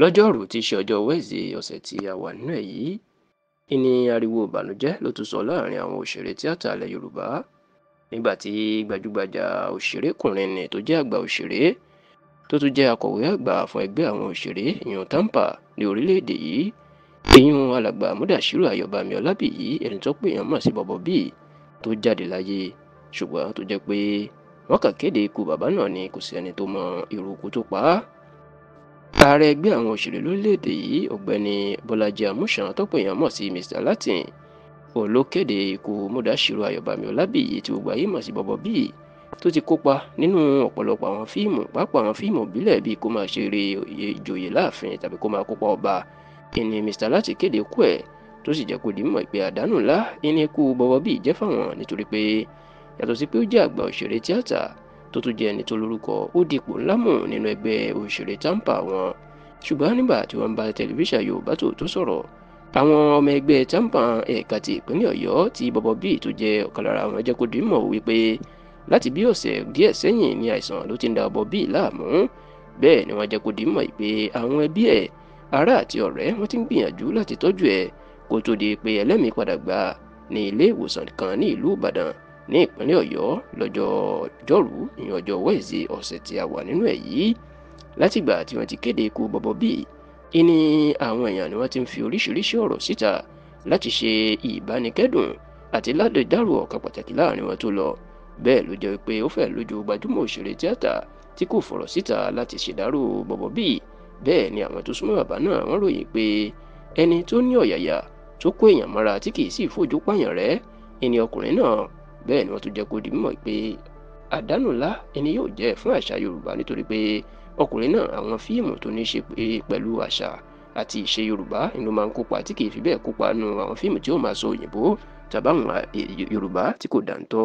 lọ́jọ́rùú tí í ṣe ọjọ́ Wednesday ọ̀sẹ̀ tí a wà nínú ẹ̀ yìí ìní ariwo ìbànújẹ́ ló tún sọ láàrin àwọn òṣèré tíátà alẹ́ Yorùbá nígbà tí gbajúgbajà òṣèrékùnrin ni tó jẹ́ àgbà òṣèré tó tún jẹ́ akọ̀wé àgbà fún ẹgbẹ́ àwọn òṣèré ìyún tampa ní orílẹ̀-èdè yìí ìyún alàgbà Mudashiru Ayọ̀bámi Ọlábìyí ẹni tó pè yàn mọ̀ sí bọ̀bọ̀ bíi tó jáde láyé ṣùgbọ́n tó jẹ́ pé wọ́n kà kéde ikú bàbá náà ni kò sí ẹni tó mọ irú ikú tó pa á ààrẹ ẹgbẹ́ àwọn òṣèré lórílẹ̀‐èdè yìí ọ̀gbẹ́ni bọ́lájí amúsàn tọ́pọ̀ èèyàn mọ̀ sí mr latin òun ló kéde ikú mudashiru ayọ̀bámi ọlábíyì tí gbogbo ayé mọ̀ sí bọ́bọ́ bíyì tó ti kópa nínú ọ̀pọ̀lọpọ̀ àwọn fíìmù pàápàá àwọn fíìmù ìbílẹ̀ bíi kó máa ṣeré ìjòyè láàfin tàbí kó máa kópa ọba ìní mr latin kéde ikú ẹ̀ tó sì jẹ́ kó di mọ̀ pé àdánù ńlá ìní ikú bọ́bọ́ bíyì jẹ́ fáwọn nítorí pé yàtọ̀ sí pé ó jẹ́ àgbà òṣèré tíátà tó tún jẹ́ ẹni tó lórúkọ ó di ipò ńlá mú nínú ẹgbẹ́ òṣèré Tampa wọn ṣùgbọ́n nígbà tí wọ́n ń bá tẹlifíṣàn Yorùbá Tòótọ́ sọ̀rọ̀ àwọn ọmọ ẹgbẹ́ Tampa ẹ̀ka ti ìpínlẹ̀ Ọ̀yọ́ tí Bọ́bọ́ Bíì tó jẹ́ ọ̀kan lára àwọn jẹ́ kó di mọ̀ wípé láti bí ọ̀sẹ̀ díẹ̀ sẹ́yìn ni àìsàn ló ti ń da Bọ́bọ́ Bíì láàmú bẹ́ẹ̀ ni wọ́n jẹ́ kó di mọ̀ pé àwọn ẹbí ẹ̀ ará àti ọ̀rẹ́ wọ́n ti ń gbìyànjú láti tọ́jú ẹ̀ kó tó di pé ẹlẹ́mìí padà gbà ní ilé ìwòsàn kan ní ìlú Ìbàdàn ní ìpínlẹ̀ ọ̀yọ́ lọ́jọ́ ọjọ́rú ìyẹn ọjọ́ wẹ́ẹ̀sì ọ̀sẹ̀ tí a wà nínú ẹ̀ yìí látìgbà tí wọ́n ti kéde ikú bọ́bọ́ bíi ìní àwọn èèyàn ni wọ́n ti ń fi oríṣiríṣi ọ̀rọ̀ síta láti ṣe ìbánikẹ́dùn àti ládọ̀dárò ọ̀kan pàtàkì láàrin wọn tó lọ bẹ́ẹ̀ ló jẹ́ pé ó fẹ́ lójú gbajúmọ̀ òṣèré tíátà tí kò fọ̀rọ̀ síta láti ṣèdárò bọ̀bọ̀ bíi bẹ́ẹ̀ ni àwọn tó súnmọ́ bàbá náà wọ́n ròyìn pé ẹni tó ní ọ̀yàyà tó kó èèyàn mọ́ra tí kì í sì fojú pààyàn rẹ́ ẹni ọkùnrin náà bẹ́ẹ̀ ni wọ́n tún jẹ́ kó di mímọ̀ pé àdánù ńlá ẹni yóò jẹ́ fún àṣà yorùbá nítorí pé ọkùnrin náà àwọn fíìmù tó ní ṣe pẹ̀lú àṣà àti ìṣe yorùbá ni ló máa ń kópa tí kì í fi bẹ́ẹ̀ kópa nù àwọn fíìmù tí ó máa sọ òyìnbó tàbáwọn yorùbá tí kò dáńtọ́.